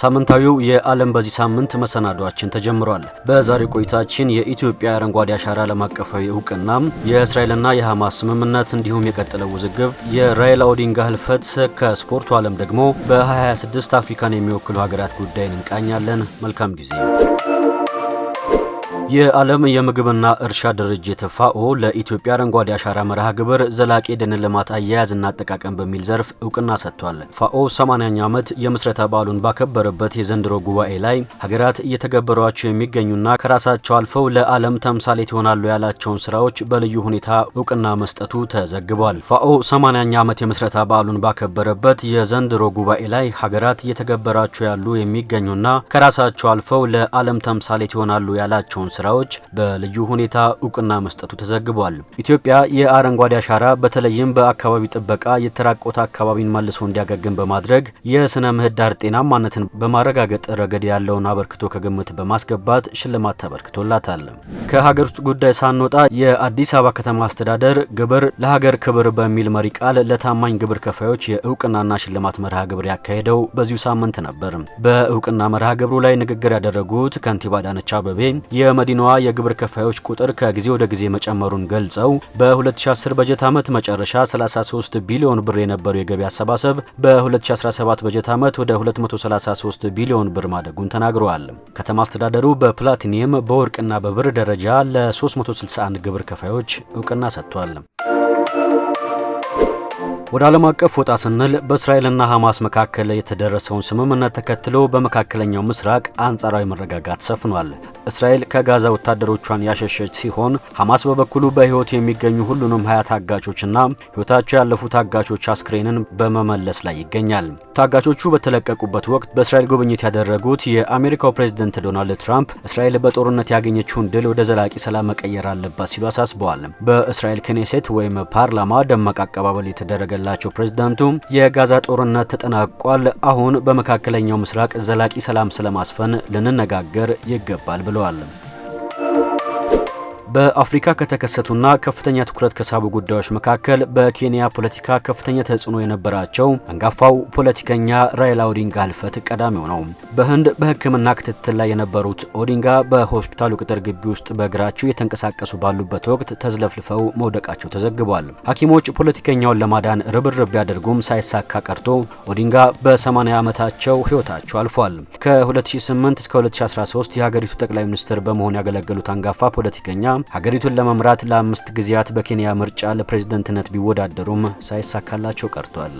ሳምንታዊው የዓለም በዚህ ሳምንት መሰናዷችን ተጀምሯል። በዛሬው ቆይታችን የኢትዮጵያ አረንጓዴ አሻራ ዓለም አቀፋዊ እውቅና፣ የእስራኤልና የሐማስ ስምምነት እንዲሁም የቀጠለው ውዝግብ፣ የራይላ ኦዲንጋ ህልፈት፣ ከስፖርቱ ዓለም ደግሞ በ2026 አፍሪካን የሚወክሉ ሀገራት ጉዳይን እንቃኛለን። መልካም ጊዜ የዓለም የምግብና እርሻ ድርጅት ፋኦ ለኢትዮጵያ አረንጓዴ አሻራ መርሃ ግብር ዘላቂ የደን ልማት አያያዝና አጠቃቀም በሚል ዘርፍ እውቅና ሰጥቷል። ፋኦ 80ኛ ዓመት የምስረታ በዓሉን ባከበረበት የዘንድሮ ጉባኤ ላይ ሀገራት እየተገበሯቸው የሚገኙና ከራሳቸው አልፈው ለዓለም ተምሳሌት ይሆናሉ ያላቸውን ስራዎች በልዩ ሁኔታ እውቅና መስጠቱ ተዘግቧል። ፋኦ 80ኛ ዓመት የምስረታ በዓሉን ባከበረበት የዘንድሮ ጉባኤ ላይ ሀገራት እየተገበሯቸው ያሉ የሚገኙና ከራሳቸው አልፈው ለዓለም ተምሳሌት ይሆናሉ ያላቸውን ስራዎች በልዩ ሁኔታ እውቅና መስጠቱ ተዘግቧል። ኢትዮጵያ የአረንጓዴ አሻራ በተለይም በአካባቢ ጥበቃ የተራቆተ አካባቢን መልሶ እንዲያገግም በማድረግ የስነ ምህዳር ጤናማነትን በማረጋገጥ ረገድ ያለውን አበርክቶ ከግምት በማስገባት ሽልማት ተበርክቶላታል። ከሀገር ውስጥ ጉዳይ ሳንወጣ የአዲስ አበባ ከተማ አስተዳደር ግብር ለሀገር ክብር በሚል መሪ ቃል ለታማኝ ግብር ከፋዮች የእውቅናና ሽልማት መርሃ ግብር ያካሄደው በዚሁ ሳምንት ነበር። በእውቅና መርሃ ግብሩ ላይ ንግግር ያደረጉት ከንቲባ አዳነች የመዲ የመዲናዋ የግብር ከፋዮች ቁጥር ከጊዜ ወደ ጊዜ መጨመሩን ገልጸው በ2010 በጀት ዓመት መጨረሻ 33 ቢሊዮን ብር የነበረው የገቢ አሰባሰብ በ2017 በጀት ዓመት ወደ 233 ቢሊዮን ብር ማደጉን ተናግረዋል። ከተማ አስተዳደሩ በፕላቲኒየም በወርቅና በብር ደረጃ ለ361 ግብር ከፋዮች እውቅና ሰጥቷል። ወደ ዓለም አቀፍ ወጣ ስንል በእስራኤልና ሐማስ መካከል የተደረሰውን ስምምነት ተከትሎ በመካከለኛው ምስራቅ አንጻራዊ መረጋጋት ሰፍኗል። እስራኤል ከጋዛ ወታደሮቿን ያሸሸች ሲሆን ሐማስ በበኩሉ በሕይወት የሚገኙ ሁሉንም ሀያ ታጋቾችና ሕይወታቸው ያለፉ ታጋቾች አስክሬንን በመመለስ ላይ ይገኛል። ታጋቾቹ በተለቀቁበት ወቅት በእስራኤል ጉብኝት ያደረጉት የአሜሪካው ፕሬዝደንት ዶናልድ ትራምፕ እስራኤል በጦርነት ያገኘችውን ድል ወደ ዘላቂ ሰላም መቀየር አለባት ሲሉ አሳስበዋል። በእስራኤል ክኔሴት ወይም ፓርላማ ደማቅ አቀባበል የተደረገ ያላቸው ፕሬዝዳንቱ የጋዛ ጦርነት ተጠናቋል፣ አሁን በመካከለኛው ምስራቅ ዘላቂ ሰላም ስለማስፈን ልንነጋገር ይገባል ብለዋል። በአፍሪካ ከተከሰቱና ከፍተኛ ትኩረት ከሳቡ ጉዳዮች መካከል በኬንያ ፖለቲካ ከፍተኛ ተጽዕኖ የነበራቸው አንጋፋው ፖለቲከኛ ራይላ ኦዲንጋ ህልፈት ቀዳሚው ነው። በህንድ በሕክምና ክትትል ላይ የነበሩት ኦዲንጋ በሆስፒታሉ ቅጥር ግቢ ውስጥ በእግራቸው የተንቀሳቀሱ ባሉበት ወቅት ተዝለፍልፈው መውደቃቸው ተዘግቧል። ሐኪሞች ፖለቲከኛውን ለማዳን ርብርብ ቢያደርጉም ሳይሳካ ቀርቶ ኦዲንጋ በ80 ዓመታቸው ህይወታቸው አልፏል። ከ2008 እስከ 2013 የሀገሪቱ ጠቅላይ ሚኒስትር በመሆን ያገለገሉት አንጋፋ ፖለቲከኛ ሀገሪቱን ለመምራት ለአምስት ጊዜያት በኬንያ ምርጫ ለፕሬዝደንትነት ቢወዳደሩም ሳይሳካላቸው ቀርቷል።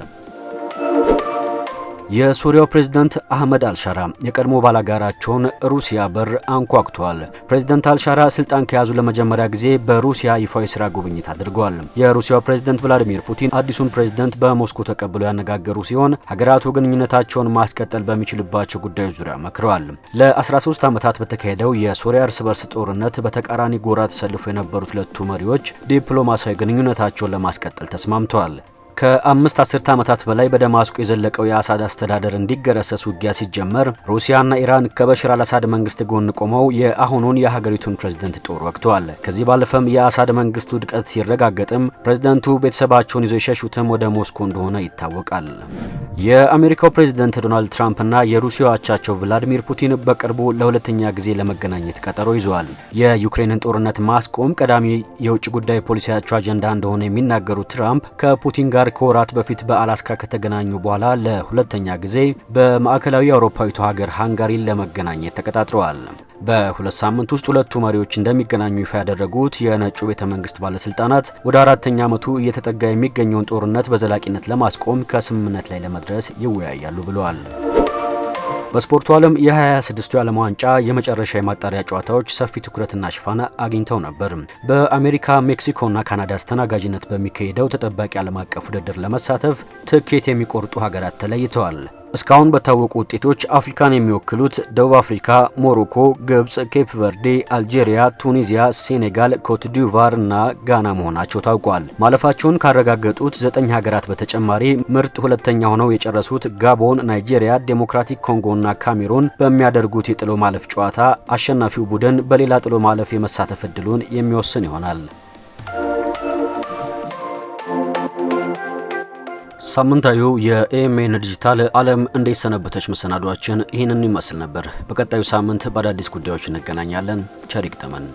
የሱሪያው ፕሬዝደንት አህመድ አልሻራ የቀድሞ ባላጋራቸውን ሩሲያ በር አንኳኩቷል። ፕሬዝደንት አልሻራ ስልጣን ከያዙ ለመጀመሪያ ጊዜ በሩሲያ ይፋዊ ስራ ጉብኝት አድርገዋል። የሩሲያው ፕሬዝደንት ቭላዲሚር ፑቲን አዲሱን ፕሬዝደንት በሞስኮ ተቀብለው ያነጋገሩ ሲሆን ሀገራቱ ግንኙነታቸውን ማስቀጠል በሚችልባቸው ጉዳዮች ዙሪያ መክረዋል። ለ13 ዓመታት በተካሄደው የሱሪያ እርስ በርስ ጦርነት በተቃራኒ ጎራ ተሰልፎ የነበሩት ሁለቱ መሪዎች ዲፕሎማሲያዊ ግንኙነታቸውን ለማስቀጠል ተስማምተዋል። ከአምስት አስርተ ዓመታት በላይ በደማስቆ የዘለቀው የአሳድ አስተዳደር እንዲገረሰስ ውጊያ ሲጀመር ሩሲያና ኢራን ከበሽር አልአሳድ መንግስት ጎን ቆመው የአሁኑን የሀገሪቱን ፕሬዝደንት ጦር ወቅተዋል። ከዚህ ባለፈም የአሳድ መንግስት ውድቀት ሲረጋገጥም ፕሬዝደንቱ ቤተሰባቸውን ይዘው የሸሹትም ወደ ሞስኮ እንደሆነ ይታወቃል። የአሜሪካው ፕሬዚደንት ዶናልድ ትራምፕና የሩሲያ አቻቸው ቭላዲሚር ፑቲን በቅርቡ ለሁለተኛ ጊዜ ለመገናኘት ቀጠሮ ይዘዋል። የዩክሬንን ጦርነት ማስቆም ቀዳሚ የውጭ ጉዳይ ፖሊሲያቸው አጀንዳ እንደሆነ የሚናገሩት ትራምፕ ከፑቲን ጋር ከወራት በፊት በአላስካ ከተገናኙ በኋላ ለሁለተኛ ጊዜ በማዕከላዊ አውሮፓዊቱ ሀገር ሃንጋሪን ለመገናኘት ተቀጣጥረዋል። በሁለት ሳምንት ውስጥ ሁለቱ መሪዎች እንደሚገናኙ ይፋ ያደረጉት የነጩ ቤተ መንግስት ባለስልጣናት ወደ አራተኛ ዓመቱ እየተጠጋ የሚገኘውን ጦርነት በዘላቂነት ለማስቆም ከስምምነት ላይ ለመድረስ ይወያያሉ ብለዋል። በስፖርቱ ዓለም የ26ቱ የዓለም ዋንጫ የመጨረሻ የማጣሪያ ጨዋታዎች ሰፊ ትኩረትና ሽፋን አግኝተው ነበር። በአሜሪካ ሜክሲኮና ካናዳ አስተናጋጅነት በሚካሄደው ተጠባቂ ዓለም አቀፍ ውድድር ለመሳተፍ ትኬት የሚቆርጡ ሀገራት ተለይተዋል። እስካሁን በታወቁ ውጤቶች አፍሪካን የሚወክሉት ደቡብ አፍሪካ፣ ሞሮኮ፣ ግብፅ፣ ኬፕ ቨርዴ፣ አልጄሪያ፣ ቱኒዚያ፣ ሴኔጋል፣ ኮትዲቫር እና ጋና መሆናቸው ታውቋል። ማለፋቸውን ካረጋገጡት ዘጠኝ ሀገራት በተጨማሪ ምርጥ ሁለተኛ ሆነው የጨረሱት ጋቦን፣ ናይጄሪያ፣ ዴሞክራቲክ ኮንጎ እና ካሜሩን በሚያደርጉት የጥሎ ማለፍ ጨዋታ አሸናፊው ቡድን በሌላ ጥሎ ማለፍ የመሳተፍ እድሉን የሚወስን ይሆናል። ሳምንታዊ የኤኤምኤን ዲጂታል ዓለም እንዴት ሰነበተች መሰናዷችን ይህንን ይመስል ነበር። በቀጣዩ ሳምንት በአዳዲስ ጉዳዮች እንገናኛለን። ቸር ይግጠመን።